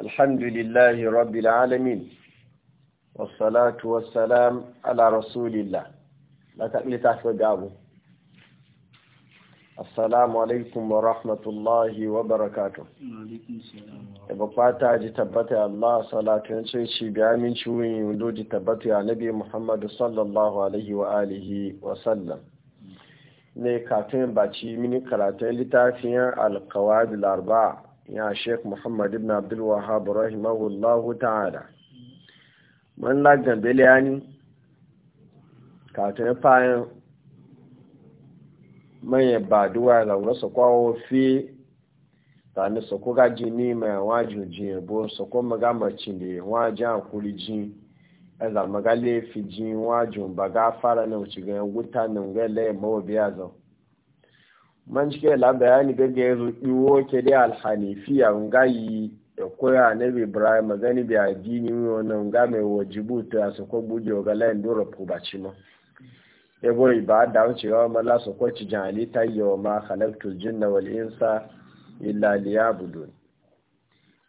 الحمد لله رب العالمين والصلاة والسلام على رسول الله لا تقل تحفظ السلام عليكم ورحمة الله وبركاته وعليكم السلام ورحمة الله صلاة ونشي شبيع من شوين يندوج تبتع نبي محمد صلى الله عليه وآله وسلم ne kafin baci mini karatun littafin al ya sheik muhammad ibn abdulwahab rahimahullahu ta'ala man lagan beliyani ya fayan manye ba duwa laura su kwawo fi tani su kuka ji ni mai wajin ji bo su kuma gamaci ne wajen akuri ji ezar magale ji wajin ba gafara na wuce ga wuta nan ga man shi ke bayani gage ya zuɗi woke dai alhanifiya nga yi da koya na ibrahim magani bi addini wani nga mai wajibu ta su ko guje ga layin dora fubaci ma ebo ibada wuce ma mala su ko ci jali yi wa ma halaktul jinna wal insa illa liyabudun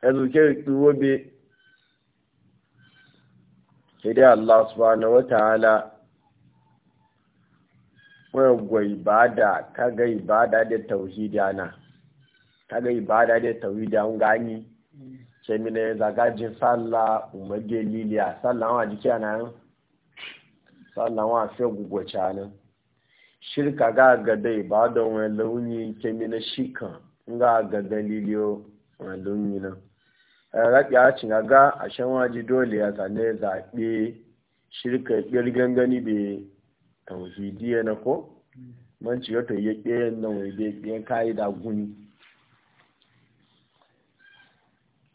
ya e zuke ɗuwo bi sai allah subhanahu wa ta'ala gwa ibada kaga ibada da tauhidi ana kaga ibada da tauhidi an gani ce mina ya zagajin sallah umage liliya sallah wa jiki ana yan sallah wa fi gugwace nan shirka ga gada ibada wani launi ke mina shika ga gada liliyo wani launi nan eh, raƙi a cin ga a shan waji dole ya zane zaɓe shirka ɓirgan gani tawhidiyya na ko man ci yato ya kiyan nan wai dai kiyan kaida guni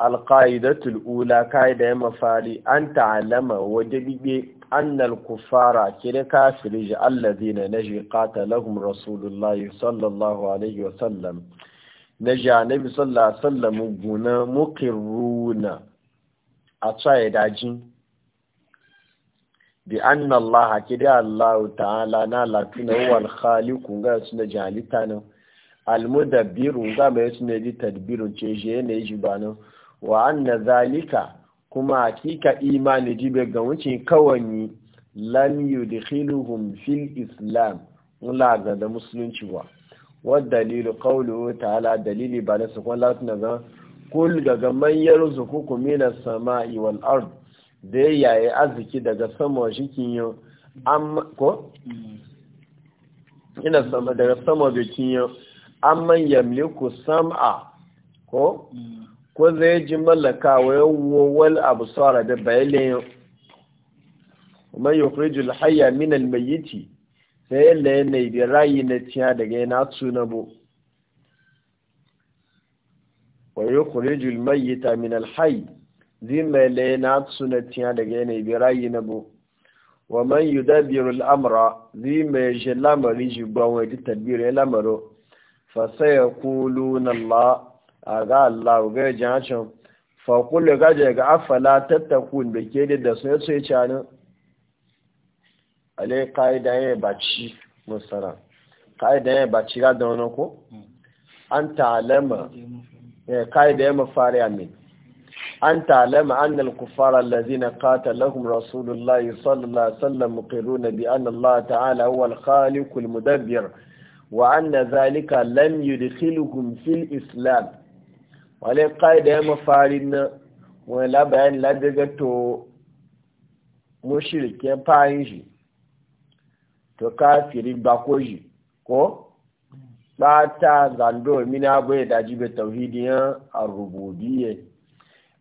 alqaidatul ula kaida ya mafari an ta'alama waje bibe annal kufara kire kafiri ji allazina naji qatalahum rasulullahi sallallahu alaihi wa sallam naji nabi sallallahu alaihi wa sallam guna muqirruna a tsaye dajin bi anna Allah kida Allah ta'ala na latuna wal khaliqu ga suna jalita nan al mudabbiru ga mai suna ji tadbirun ce je ne ji banan wa anna zalika kuma hakika imani be ga wuce kawani lam yudkhiluhum fil islam mula ga da musulunci wa wa dalilu qawluhu ta'ala dalili ba na su kullu ga kul ga man sama'i wal ardh da ya yaye arziki daga sama shikin yau an ko? ina sama daga sama bikin yau an man yamliku sam'a ko? ko zai ji mallaka wa yawowar abu tsara da bayanin yau kuma yi kuriju lahayya min almayiti sai yalla na da rayu na tiya daga yana tsunabo wa yi kuriju almayita min alhayi zimele na sunatiya daga yanayi birayi na bu wa man yudabbiru al'amra zime je lamari ji gbanwe di tadbiri ya lamaro fa sai kulu na a ga Allah ga jacin fa kullu ga je ga afala tattakun da ke da sai sai canin ale kaida ya baci musara kaida ya baci ga da ko hmm. an talama eh, kaida ya mafari amin an talama annal kufara allazina qatalahum rasulullahi sallallahu alaihi wasallam muqirruna bi anna Allah ta'ala huwa al-khaliqul mudabbir wa anna zalika lam yudkhiluhum fil islam wale qaida ya mafarin wala bayan la daga to mushrike fayin shi to kafiri ba ko shi ko ba ta zando mina bai daji bai tauhidiyan arubudiyya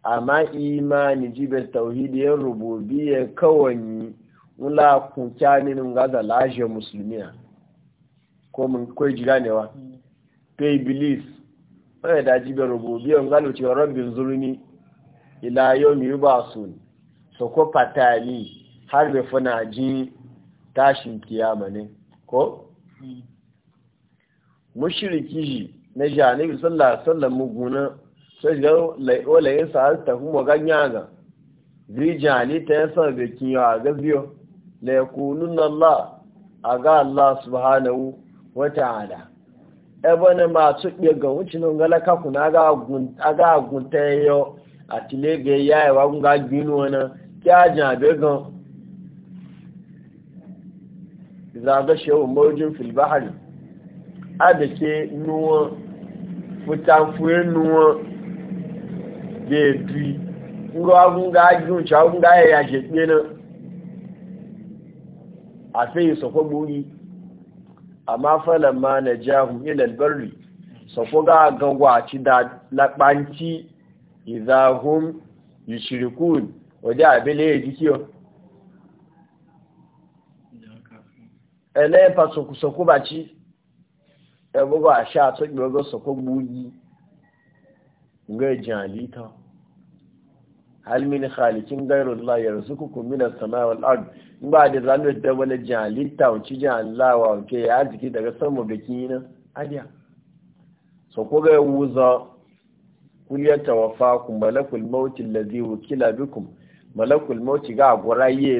amma imani jibin tauhidiyar rububiyar kawai wula kuncanin gaza lashe musulmiya ko mun kai jiganewa ta iblis wadda da jibin rububiyar galo cewa rabin zurni ila yau mai ba su so ko fatali har da fana ji tashin kiyama ne ko? Hmm. mushiriki na janibi sallallahu sallar wasallam muguna sai ga wala yin sa'ar ta kuma ganya ga rijali ta yasa da kiyawa ga biyo la yakunun Allah a ga Allah subhanahu wa ta'ala ebe ma su ɗe ga wucin ka kuna ga agunta yayo a tilega ya yi e wagun ga ginu wani kyajin abegan zaga shehun mawujin filbahari a da ke nuwa fitan fuyin e nuwa ya tui nga gunga ajun cha gunga ya ya shepe na afi so ko buri amma falan ma na ila albarri so ko ga gangwa ci da labanci idahum yushrikun wajen abele ya jikiyo ẹlẹ́ẹ̀fà sọkùsọkù bá ci ẹgbogbo àṣà àtọ́gbẹ̀gbẹ̀ sọkùgbò yìí ga jalita hal min khaliqin ghayrullah yarzuqukum min as-samai wal ard ba da zalu da wala jalita wuci jalla wa ke ya jiki daga sama biki na adiya so ko ga wuza kul yatawaffakum malakul maut alladhi wukila bikum malakul maut ga guraye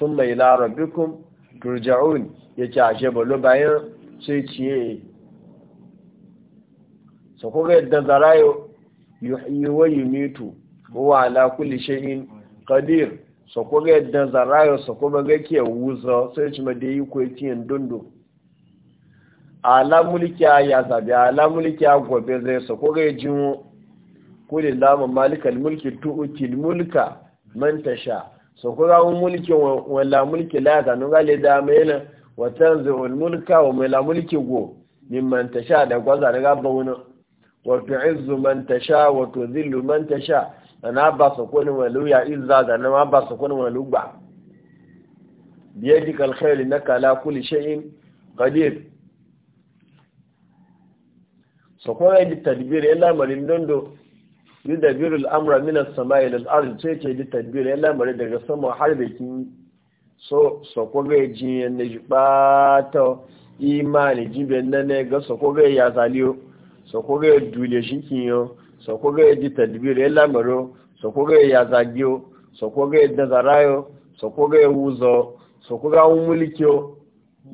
thumma ila rabbikum turja'un yace ashe balo bayan sai ciye so ko ga yadda zara yi wa yumitu huwa ala kulli shay'in kadir so ko ga yadda zarayo so ko ga ke wuzo sai ci ma dai ko tiyan dondo ala mulki ya zabi ala mulki ya gobe zai so ko ga jin kulli lamu malikal mulki tu'til mulka man tasha so ko ga mulki wala mulki la ga nuga le da mena wa tanzu mulka wa mala mulki go mimman tasha da gwaza daga bawuna wa tu'izzu man tasha wa tudhillu man da na ba su kunu waluya izza da na ba su wani waluba biye kal khair na kala kuli sha'in qadir so ko ai tadbir illa marin dondo yudabiru al-amra min as-sama'i ila al sai ce di tadbir ya marin daga sama har da kin so so ko ga jin ne jibato imani jibe nan ne ga so ko ya zaliyo sokoga ya dule shinkin yo sokoga ya ji talibir ya lamaro sokoga ya zagiyo sokoga ya dazarayo sokoga ya wuzo sokoga ya mulkiyo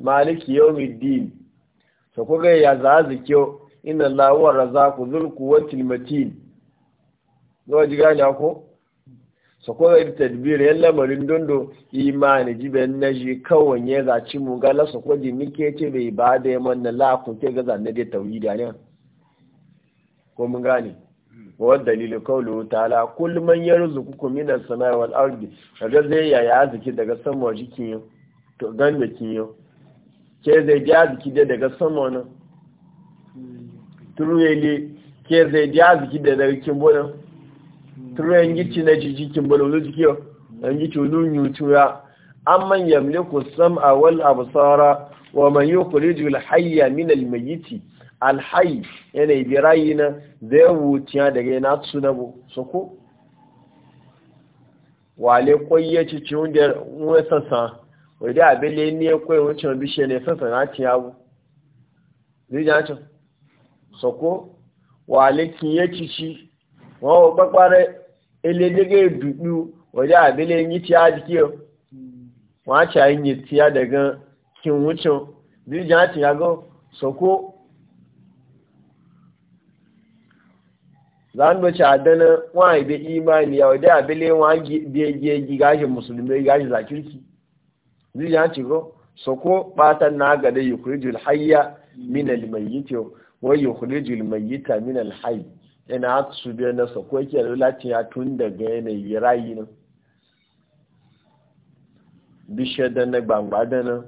maliki yawmid din sokoga ya zazikiyo ina lawuwar raza ku dhul quwwatil matin zo ji gani ko sokoga ya ji talibir ya lamarin dondo imani jiben ji kawai ya zaci mu gala sokoji nike ce bai ba da yamma na la ke ga zanne da tauhidi ne ko mun gane wa dalilin kawulu ta'ala kullum man ya rizuku ku minan sanar wal ardi kaga zai yaya arziki daga sama jikin yau to gan da kin yau ke zai ji arziki da daga sama nan ne. ke zai ji arziki da daga kin bonan turuyen gici na jiji kin bonan wani jiki yau an gici wani tura. an man yamliku sam'a wal absara wa man ku al hayya min al mayyiti yana yanayi birayi na zai wuciya daga yana suna bu su ku wale kwaye cici wunde wani sassa wadda abele ne ya kwaye wancan bishe ne sassa na ci ya bu zai can su ku wale kiye cici wọn kpakwara eledege dubu wadda abele yi ti ya jiki wọn a ci yi ti ya daga kin wucin zai can ya go su ku zan ba ci adana wani abin imani ya wadda abile wani bai gigashi musulmi gigashi zakirki zai ya ci ko so ko batan na gada yukhrijul hayya min al mayyit wa yukhrijul mayyita min al hayy ina su bi na so ko yake lati ya tun daga yanayi rayi na. bishe da na gbangba da nan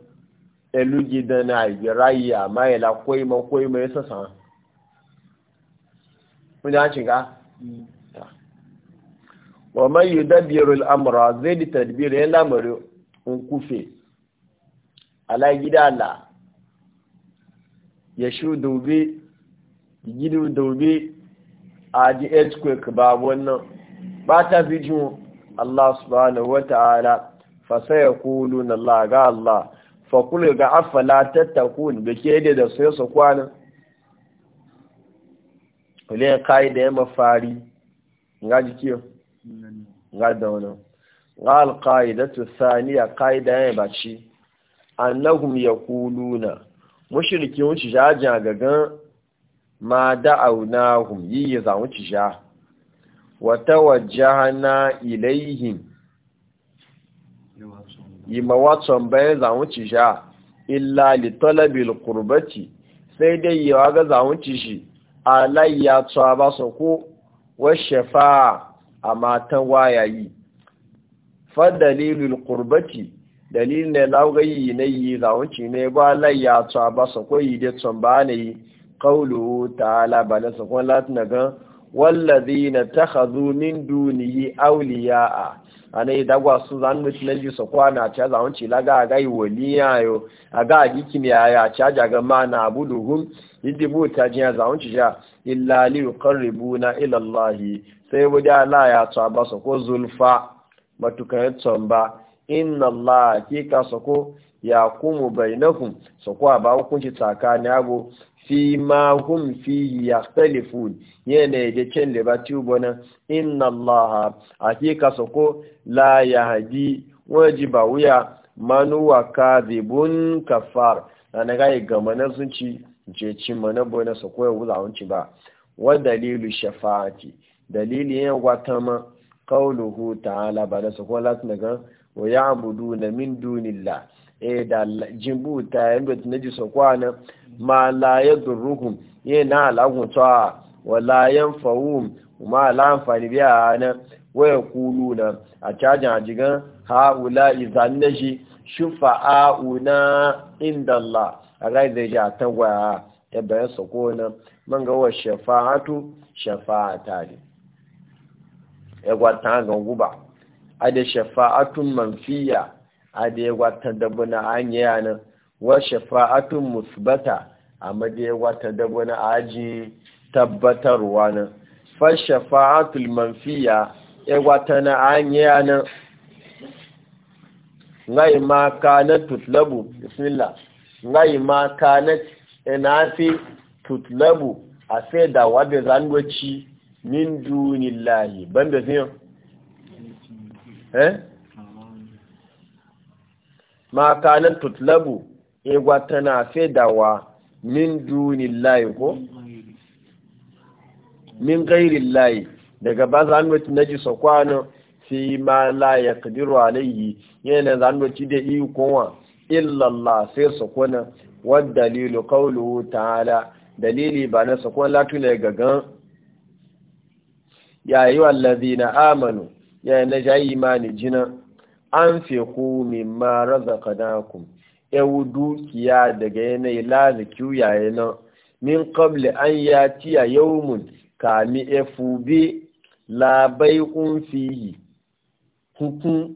elugi da na rayi amma ya la koyi ma koyi ma yasa sana mun ya shiga wa man yudabbiru al zai di tadbir ya lamari un kufe ala gida la ya shu dobe gidu dobe a di earthquake ba wannan ba ta fi jin Allah subhanahu wa ta'ala fa sai kuluna Allah ga Allah fa kullu ga afala tattakun da ke da sai su kwanan kule da ya mafari nga jikiyo nga da wani nga alƙa'idatu saniya kaida ya baci annahum yaquluna mushriki wuce jaja gagan ma da'awnahum yi za zamu ci ja wa tawajjahna ilaihim yi watson bayan za ci ja illa li talabil qurbati sai dai yawa ga za ci shi alayya tsaba soko wa shafa'a a matan wayayi fa dalilul qurbati dalilin da lagayi ne yi zawunci ne ba layya tsaba soko yi da tsamba ne qawlu ta'ala bala soko latin ga wallazina takhadhu min dunihi awliya'a yi dagwa su zan mutun ji soko na ce zaunci laga ga yi waliya yo aga gikini ya a caja ga abu duhun yadda ta jiya za wunci ja illa li yuqarribuna ila Allah sai wuda la ya ba su ko zulfa matukan ba inna Allah kika sako ya kumu bainahum sako ba hukunci tsakani abu fi ma hum fi yakhtalifun yana da cin libati bona inna Allah hakika sako la yahdi wajiba wuya manuwa kadhibun kafar na ga gama na sun ci je ci mana na sa koya wuza wanci ba wa dalilu shafa'ati dalili ya wata ma ta ta'ala ba na sa ko lati daga wa na min dunillah e da jimbu ta yanda naji sa kwana ma la yadurruhum yana alagun la ya yanfa'um ma la amfani biya na waya na a cajin ajigan ha'ula izan naji shufa'a'una inda Allah a ga da ya ta gwaya ya bayan sako na man ga wa shafa'atu shafa'ata ne ya gwata ga guba a da shafa'atun manfiya a da ya gwata dabuna an yi yanar wa shafa'atun musbata a madiya wata dabuna aji tabbatarwa nan fa shafa'atul manfiya ya wata na an yi yanar ngai ma ka na tutlabu bismillah ngai ma kanat inafi tutlabu a sai da wabe zangoci min dunillahi banda zai eh ma kanat tutlabu egwa na sai da wa min dunillahi ko min ghairillahi daga ba zangoci ji sakwano fi ma la kadiru alayhi yana zangoci da iko wa illallah sai sakona wadda dalilu qawluhu ta'ala dalili ba na sakon latuna gagan ya yi wallazina amanu ya na jayi imani jina an fi ku mimma razaqnakum ewu dukiya daga yanayi laziki yayi nan min qabli an yati yawmun kami efubi la baiqun fihi hukun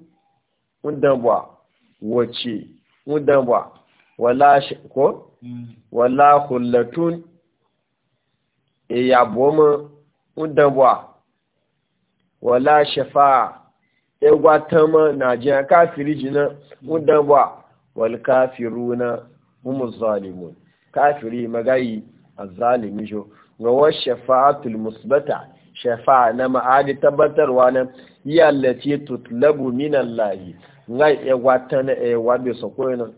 dawa wace mudan ba wala ko wala e ya boma mudan ba wala shafa'a egwa tama na jiya kafiri jina mudan ba wal kafiruna hum zalimun kafiri magayi azalimi jo ga wa shafa'atul musbata shafa'a na ma'adi tabbatarwa nan yallace tutlabu minallahi nga iya e wata na iya e wabe sako na.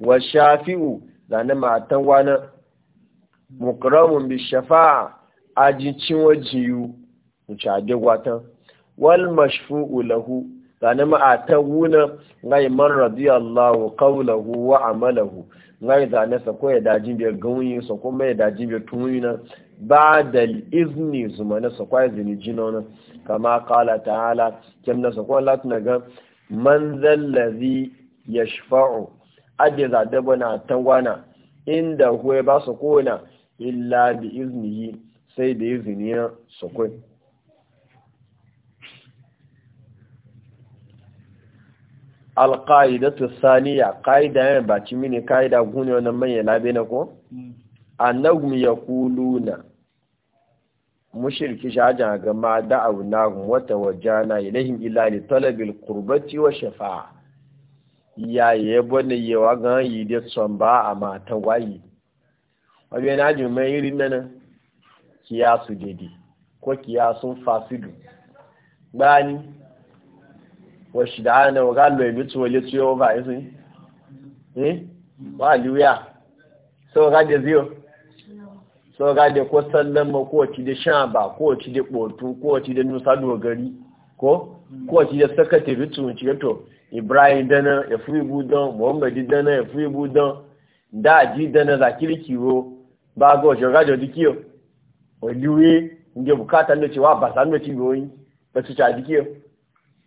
wa shafi'u da na matan wana mukramun bi shafa'a ajincin wajiyu wuce adegwatan wal mashfu'u lahu da na ta wuna nga yi e man radiyallahu qawlahu wa amalahu nga yi zane sako ya dajin biya gauyi sako mai dajin biyar tumuyi nan ba da izini zuma na sakwai zini jino kama kala ta hala kyan na sakwai latin na gan man zallazi ya shafa'u adi zadaba na tangwana inda huwa ba su kona illa izini iznihi sai da izini ya su alƙa'ida ta saniya ƙa'ida yana baci mini ƙa'ida gune na manyan labe na ko mm. annagun ya kulu na. mushirki shajan ga ma da'aw nahum wa tawajjana na illa li talabil qurbati wa shafa'a iyaye bone yawa ga yi son ba a mata wayi wabe na ji mai irin nan kiyasu dede ko kiyasun fasidu ni. wa shi da shidana wa galo emi tuwo le tuyo ba isi eh wa liya so ga de so ga da ko sallan ma ko ci da sha ba ko ci da botu ko ci da nusa dogari ko ko ci da sakatari tun ci to ibrahim dana ya fi budan muhammadu dana ya fi budan da ji dana za kirkiwo ba ga wajen gajo dikiyo oliwe inda bukata ne cewa ba san da cibiyoyi ba su ca dikiyo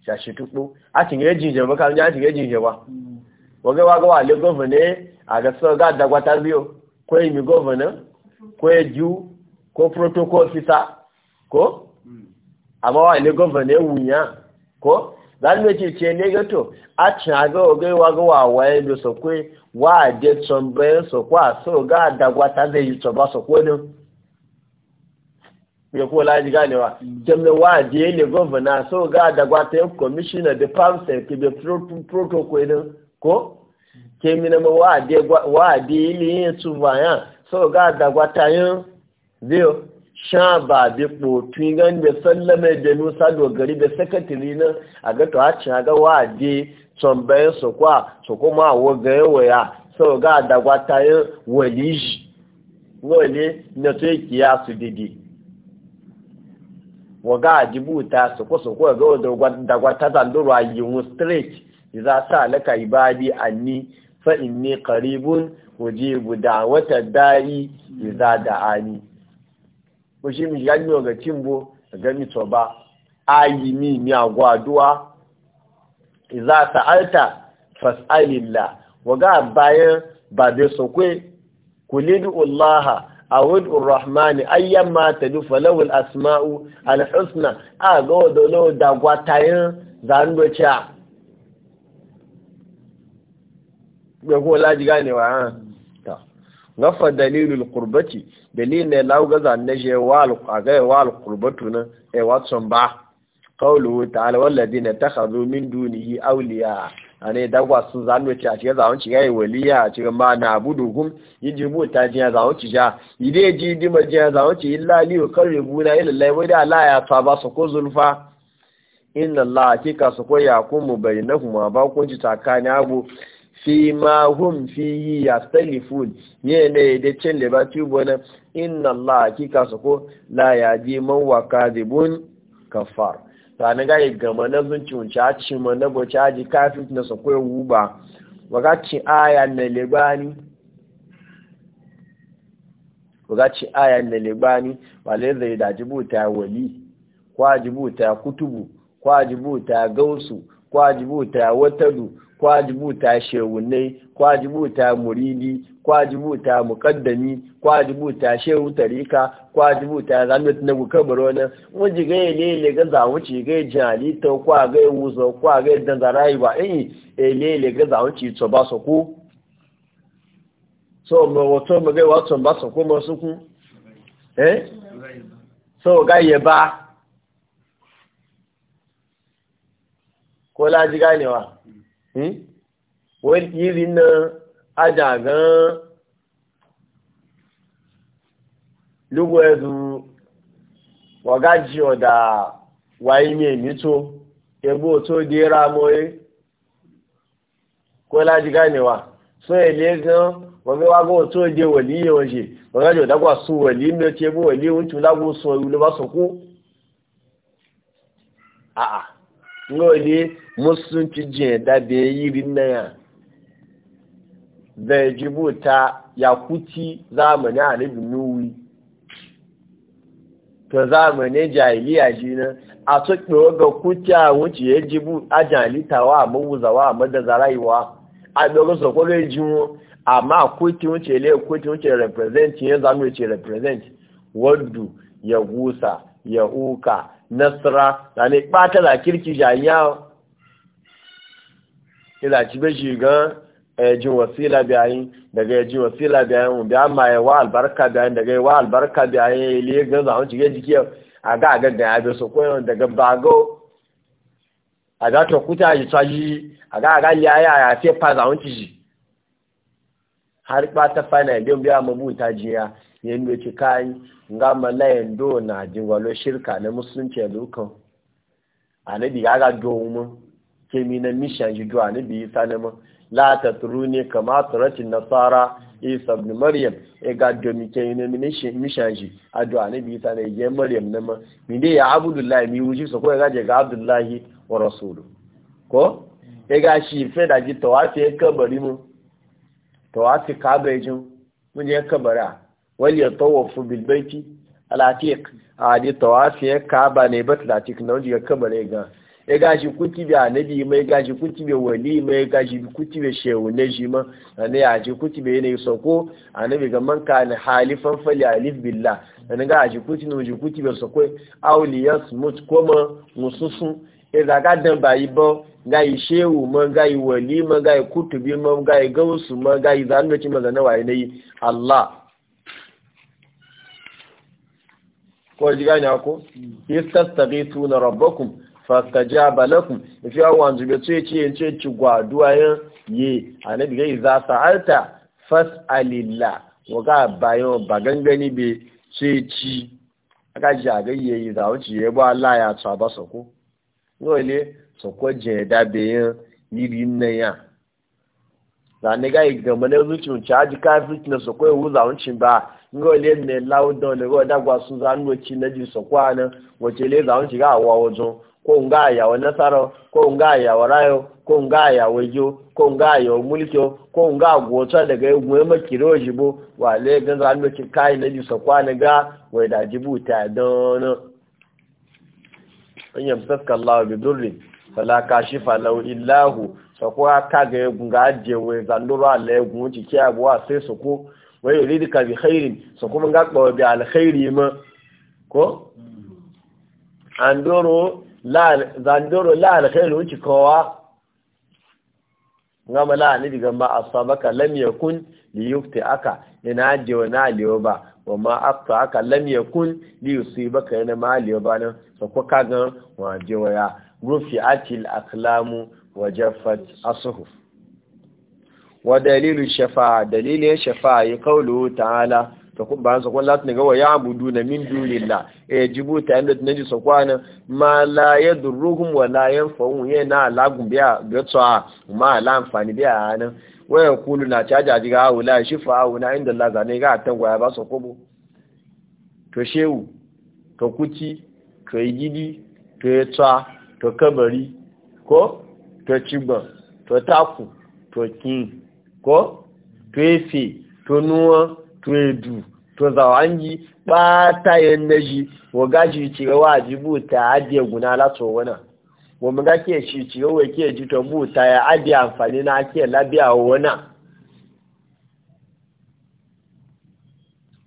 sha shi tukpo a cin yaji je ba kan yaji yaji je ba waga waga wa le governor a ga so ga dagwata biyo ko yi mi governor ko hmm. ya ko protocol fita ko amma wa ne ewu ya wunya ko zan mace ce ne gato a cin aga ogaiwa wa wawaye da sokwe wa a je tambayin sokwa so ga dagwa ta zai yi tsoba sokwe hmm. hmm. ne ya kola laji ganewa jami'in wa a je ile gwamna so ga dagwa ta yi commissioner da farmsel ke da protocol ko ke mina ma wa a je ile su so ga dagwatayin zai sha ba bi kotun gan san lamar da nusa dogari da sakatiri nan a ga to hacin ga wade tambayin su kwa su kuma wa ga yawaya so ga wani shi wale na to kiya su didi wa ga jibuta su ko su ko ga dagwata zanduru a yi mu straight za ta alaka ibadi anni fa inni karibun. ujibu da wata da'i iza da ani ko shi mi ganyo ga kimbo ga mi to ba ayi mi mi agwa duwa iza sa'alta fas'alillah waga bayan ba da sokwe kulidu allaha awud urrahmani ayyamma tadu falahu alasma'u alhusna aga dolo da gwatayin zando cha Gbogbo laji ganewa, ha? nafa dalilul qurbati dalilin da lau gaza na je wal aga wal qurbatu na e watson ba qawluhu ta'ala wal ladina takhadhu min dunihi awliya ane dagwa sun zanu ci a cikin zawon ci yayi waliya a cikin ma na buduhum yiji mu ta jiya zawon ci ja ide ji di ma jiya zawon ci illa li yuqarribuna ila allahi wa da la ya ta ba su ko zulfa inna allaha kika su ko yakumu bainahuma ba kun ci takani abu fi ma hum fi yi ya stalifun ne ne da cin libati bane inna Allah kika su ko la ya ji man wa kadibun kafar ne ga yi gama na cin wuce a ci ma na a ji kafin na su ko yawu ba ci aya na libani ci aya na libani le zai da jibuta wali kwa jibuta kutubu kwa jibuta gausu kwa jibuta watadu kwajibuta shehunai kwajibuta muridi kwajibuta mukaddami kwajibuta shehu tarika kwajibuta zanut na gukabaro na wuji ga lele ga za wuci ga jali to kwa ga wuzo kwa ga dan zarai ba eh, eh lele ga za wuci to ba so ku so mo wato mo ga wato ba so ku mo su ku eh so ga ye ko la ji ganewa Hmm? wọ́n ti rí na ajá gan-an lógo ẹ̀dùn ọ̀dà wáyé mi èmi tó ẹgbó tó dé ra mọ́ kó láti gánewa sọ gan wọ́n fẹ́ wá gbọ́ tó dé wẹ̀lí yẹn ṣe ọ̀dà gbà sún wẹ̀lí mi ti ẹgbó wẹ̀lí bá sọ kú. ngole musulunci jin da bai yi rinna ya bai jibuta ya kuci zamani a nabin nuwi to zamanin jahiliya ji na a su ga kuci a wuce ya jibu a jalitawa a mabuzawa a madaza rayuwa a ɗorin sakwaro ya jiwo amma kuci wuce le kuci wuce represent ya zanu ce represent waddu ya gusa ya uka nasara na ne ɓata da kirki janya ila ci bai shiga ejin eh, wasila biyayi daga yajin wasila biyayi mu biya ma yawa albarka biyayi daga yawa albarka biyayi ya ile ga zaun cike jiki a ga ga da ya bi su koyon daga bago a ga to kuta yi tsaji a ga ga ya ya ya ce fa zaun ciki har ba ta fa na biyan biya mabuta jiya yadda ci kayi nga malayan do na jingwalo shirka na musulunci lukan anabi ya ga domin kemi na mishan ji duwa anabi isa na ma la turu ne kama turatin nasara isa ibn maryam ya e ga domin kemi na mishan ji a duwa anabi isa na iya maryam na ma ya abdullahi mi wuji su ko ya gaje ga abdullahi wa rasulu ko ya e ga shi fe da ji tawafi ya e kabari mu tawafi kabejin mun je kabara wal yatawafu bil baiti al atiq hadi tawafi ya kaba ne bat al atiq na wajen kama ne ga ya gashi kuti bi anabi mai gashi kuti bi wali mai gashi kuti bi shehu ne shi ma ne ya ji kuti bi ne sako anabi ga man ka ne halifan fali alif billah ne ga ji kuti no ji kuti bi soko awliyas mut koma mususu e da ga dan bayi bo ga yi shehu ma ga yi wali ma ga yi kutubi ma ga yi gausu ma ga yi zanwaci ma ga nawaye ne Allah ko ji gane ko yastastaghithu na rabbakum fastajaba lakum ifi awan zube ce ce yin ci gwaduwa yan ye annabi gai za sa'alta fas'alillah wa ga bayo ba gangani be ce ci aka ji agayye yi za wuce ya ba Allah ya tsaba sako no ile je da be yan yiri nan ya zane ga igama na zuci mun caji kafin na so koyi wuza ba ngo ole ne lawo don ne dagwa sun za nwo na ji so ana na wace le za ga awa wajo ko nga ya wa nasaro ko nga ya wa rayo ko nga ya wajo ko nga ya mulkyo ko nga daga makiro wa le ga za nwo ci kai na ji ga wai da jibuta don an yamsaka Allah sako aka ga egun ga ajiye wai zanduru ala egun wuce ki abuwa sai sako wai yuri da ka bi khairin sako mun ga kpawa bi alkhairi ma ko andoro zandoro la alkhairi wuce kowa ngama la ni diga ma asabaka lam yakun li yufti aka ina ajiye wa na aliyo ba wa ma afta aka lam yakun li yusibaka ina ma aliyo ba na sako ka ga wa ajiye wa ya rufi atil aklamu وجفت الصحف ودليل الشفاعة دليل الشفاعة قوله تعالى تقول بان سقوان لا تنقوى يعبدون من دون الله يجبوا تعمل نجي سقوانا ما لا يدرهم ولا ينفعون ينا لهم بيا بيطاعة وما لا ينفعني بيا أنا ويقولون تعجع جيغا أولا شفاعة ونا عند الله زانيغا تنقوى يبا سقوبو تشيو تكوتي تيجيدي تيطاع تكبري ko to cigba to taku to kin ko to efe to nuwa to edu to zawangi bata yan naji wa gaji ci ga wajibu ta adiya guna la to wana wa mun ga ke ci ci wa ke ji to buta ya adiya amfani na ke labiya wana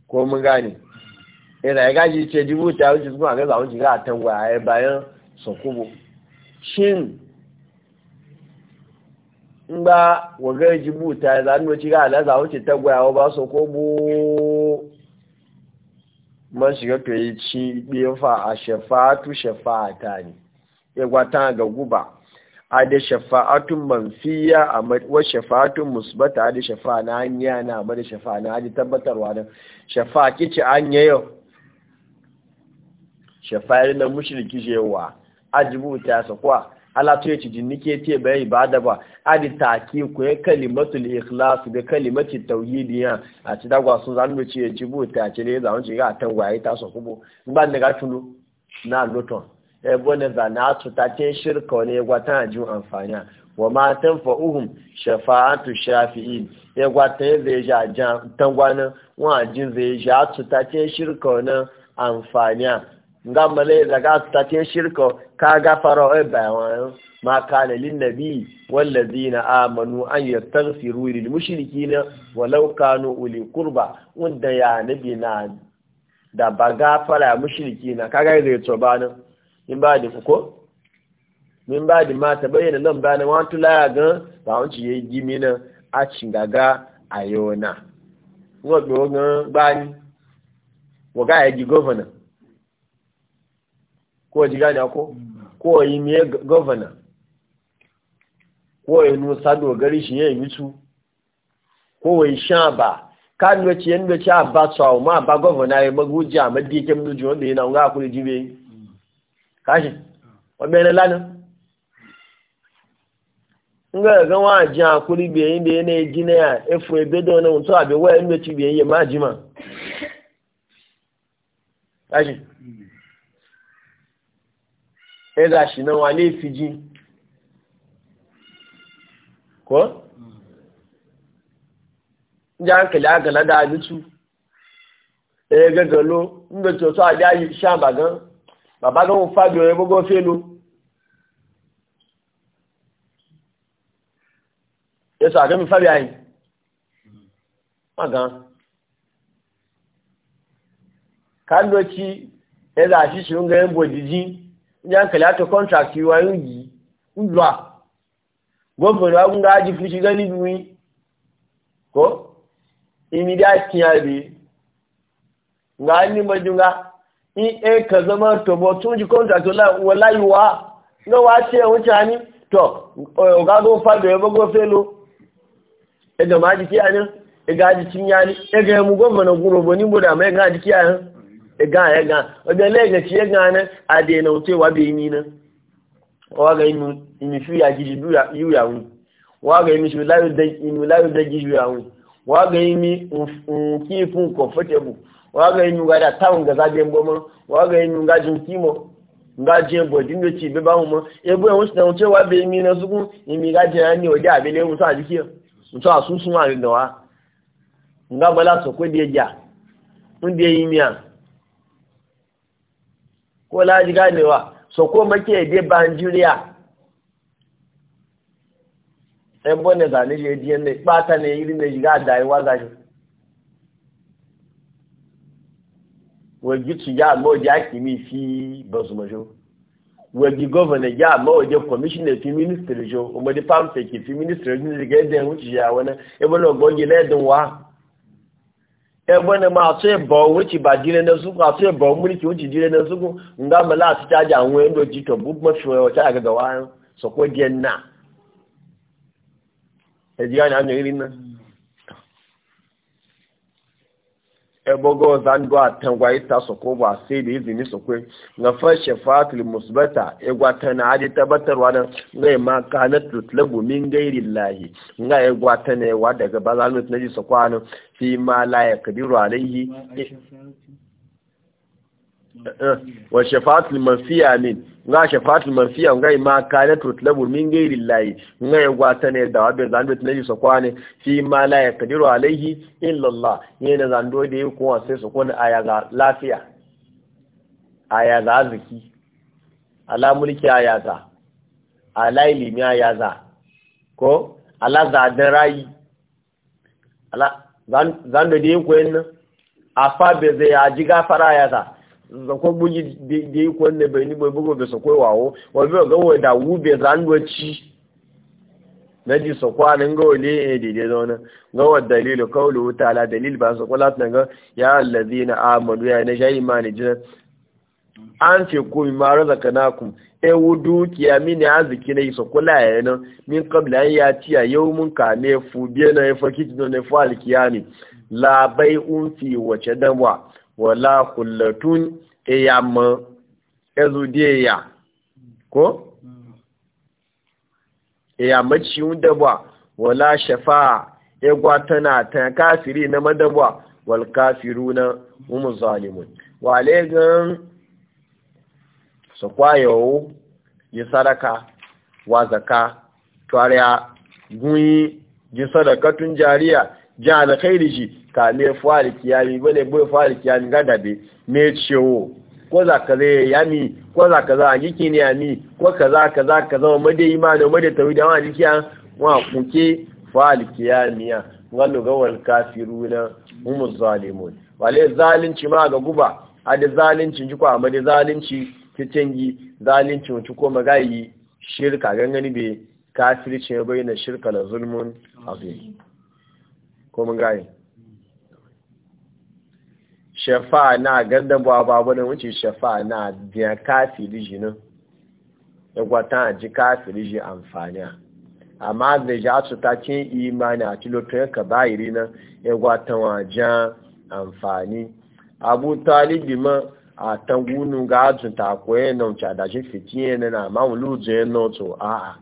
ko mun gane ina ya gaji ce dubu ta wuce kuma ga zawon ji ga tangwa bayan sokubo shin in ba waga buta ya zanu ci ga alaza wuce ta gwayawa ba so ko bu man shiga to yi ci fa a shafatu shafata ne ya gwata ga guba a da shafa'atun manfiya a wa shafa'atun musbata a da shafa na hanya na ba da shafa na hajji tabbatarwa don shafa'a kici an yayo yi na mushriki jewa ajibuta sa kwa alatu ya ci jinnike ce bai ibada ba adi take ku ya kalimatul ikhlas da kalimati tauhidiya a ci dagwa sun zan ce ya ci buta ci ne zan ci ga waye ta so kubo ba ne ga tulu na luton e bone za na tu ta ce shirka ne gwata ju amfani wa ma tanfa'uhum shafa'atu shafi'in ya e gwata zai ja tangwana wa jin zai ja tu ta ce shirka ne amfani nga male daga tace shirka ka gafara ai e bayan ma kana lin nabi wallazina amanu an yastaghfiru lil mushrikina walau kanu uli qurba wanda ya nabi na da ba gafara mushrikina kaga zai to bana in ba da ko min ba da mata bayyana nan bana wa tula ga ba wanci yayi gimina a cingaga ayona ngo gbo gan gbani wa ga yaji governor ko ji gane ko yi me governor ko yi nusa dogari shi yi mutu ko yi sha ba ka nwaci yan a ba ma ba ji a madikin lujo wanda yana nga kuri jibe kashi lana nga ga wa ji a na yi ya efu ebe na yi ma jima kashi sai ga shi nan wane fiji ko? ji hankali aka lada abisu ɗaya gagalo inda coto a jayi sha bagan babagan mufabi wani bugo felo ya sa ga mufabi ayi magan kan doci ya za shi shi ga yin bojiji yankali ato contract yiwa yi ulwa gọ́ọ̀fẹ̀rẹ̀ agun ga ji fi shiga ni duwi ko immediate kiya bi ga ni majunga in e ka to bo tun ji contract la wallahi wa no wa ce wuce to o ga go fa do e go felo e ga ma ji ga ji cinya ni e ga mu gọ́ọ̀fẹ̀rẹ̀ guro bo ni boda mai ga ji kiya ga ya ga wajen laiga ci ya gane a da yana wuce wa bai ni nan waga yi mishu ya gidi yu ya wu waga yi mishu layu da gidi ya wu waga yi mi kifin comfortable waga yi mi gada tawon ga zaɓen goma waga yi mi gajin kimo gajin bodin da ci biba mu ma ebo yawon su da wuce wa bai ni na sukun imi gajin ya ne wajen abin da ya mutu a jikiyar mutu a sun sun a gaggawa nga bala sokwe da ya ja mun da ya yi miya ko laji ganewa so ko make de banjuriya ɗan bane zane shi yadda yadda ɓata ne irin da shiga dayewa za shi wagi ya ma waje hakimi fi ba su majo wagi govana ya ma waje commissioner fi ministry jo umar di farm fi ministry ne daga yadda ya wuce ya wani ebe na ogbonge na yadda wa ebe na tún ẹ̀bọ̀ owó ti bà dílé náà sókún àtún ẹ̀bọ̀ múlìkì ó ti dílé náà sókún ǹgá mọ̀ láti jáde àwọn ẹ̀rọ jìtọ̀ gbogbo fi ebogo zango atangwa ita soko ba sai da izini sokwe na fashe fatul musbata egwa tana aje tabbatarwa nan ngai ma kanat tutlabu min gairi lahi ngai egwa tana wa daga bazalut naji sokwa nan fi ma la yakdiru alaihi wa shafatul manfiya min nga shafatul manfiya nga ma kana tutlabu min ghairi llahi nga yagwa ta ne da wabe zan bi tunaji so kwane fi ma la yaqdiru alaihi illa allah yana zan do da ko sai su kone aya ga lafiya aya ga zaki ala mulki aya za ala ilimi aya za ko ala za da rai ala zan zan do da ko en afa be zai ajiga fara aya za zakon buji da yi kwanne bai ni bai bugu da sakwai wawo wani bai gawai da wube zanwaci na ji ga gawai ne ya daidai ga wa dalilu kawai wuta la dalil ba su kula tunan ga ya allazi na amadu ya na shayi ma e ne jinan an ce ko mi mara zaka na kun ewu dukiya mini arziki na yi sakula ya e yana min kabla ya ciya yau mun kame fu biya na ya farki tunan na fu alkiyami labai unfi wace damwa wala kullatun eya ezu ya, ko eya ciun dabwa wala shafa'a egwa tana ta kafiri na madabwa wal kafiruna hum zalimun wale alaykum so kwayo sadaka wa zaka tuariya gunyi ji tun jariya ji alkhairi ji kame fuhari kiyami wani bai fuhari kiyami gadabe mai ciwo ko za ka zai yami ko za ka za a giki ne yami ko ka za ka za ka zama mada imanin mada tawi da wani kiya wa kuke fuhari kiyami ya wani gawar kafiru na umu zalimun wale zalunci ma ga guba a da zalunci jikwa a mada zalunci fitingi zalunci wacce ko magayi shirka gangani bai kafirci ya bayyana shirka na zulmun azim ko mun shafa na ganda ba ba wuce shafa na biya kafiri shi nan a ji kafiri shi amfani amma da ja su ta cin imani a tilotun ka bayiri nan ya wa jan amfani abu talibi ma a tangunu ga ajin takwai na wuce da fitiye na na mawulujin na to a'a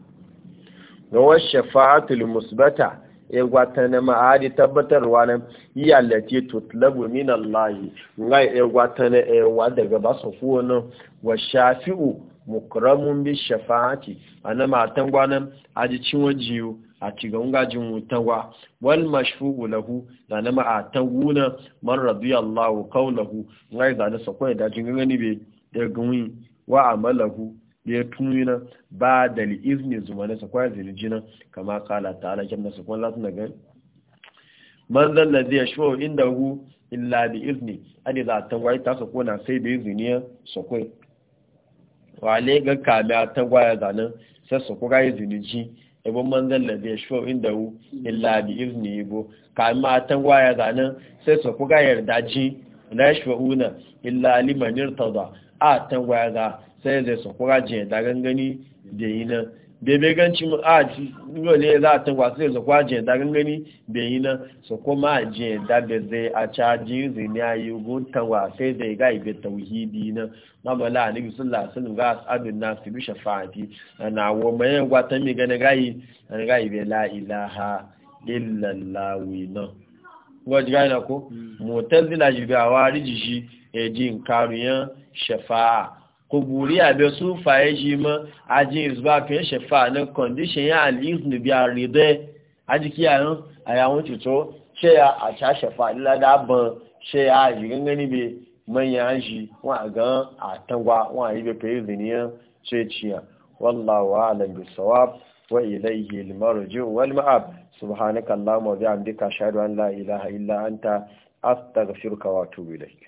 ga wasu shafa'atul musbata ya gwata na ma'adi tabbatarwa nan yi to tutlabu minan layi nga ya gwata na ewa eh, daga basu kuwa nan wa shafi'u mukramun bi shafa'ati na matan a ji cinwa jiyo a cigan gajin wutawa wal mashfu'u lahu da na ma'atan wuna man radiyallahu qawlahu nga da zane sakwai da gani bai daga wa amalahu ya na ba da li'izni zuma na sakwai na kama kala ta ala kyan da sakon latin da gani man zan da zai shi inda hu illa izini a ne za a tangwaye ta sako na sai da izini ya sakwai ne ga kame a tangwaye zanen sai sako ga izini ji ibon man zan da zai shi inda hu illa izini ya ibo kame a tangwaye zanen sai sako ga yarda ji na shi illa limanir za a tangwaye za sai zai sakura jiya da gangani da yi nan bebe ganci a ne za a tangwa sai zakwa jiya da gangani da yi nan su kuma jiya da da zai a caji zini a yi guntangwa sai zai ga ibe tauhidi nan mamala a nabi sallah sun ga abin na su bi shafa'ati na wa mai yan gwata mai gani gayi an ga ibe la ilaha illallawi nan wajen gani na ko motar mm. zina jibi a wari e ji nkaru yan shafa'a kuburi abe su faye shi ma ajin isba kan shafa na condition ya aliznu bi aride ajiki yan ayawon tuto ṣe ya a ca shafa ladaban ṣe ya yi gangani be manyan shi wọn a gan a tangwa wọn a yi be fayi zuniyan ce ciya wallawa alam bi sawab wa ilayhi al-marji wal ma'ab subhanaka allahumma wa bihamdika ashhadu an la ilaha illa anta astaghfiruka wa atubu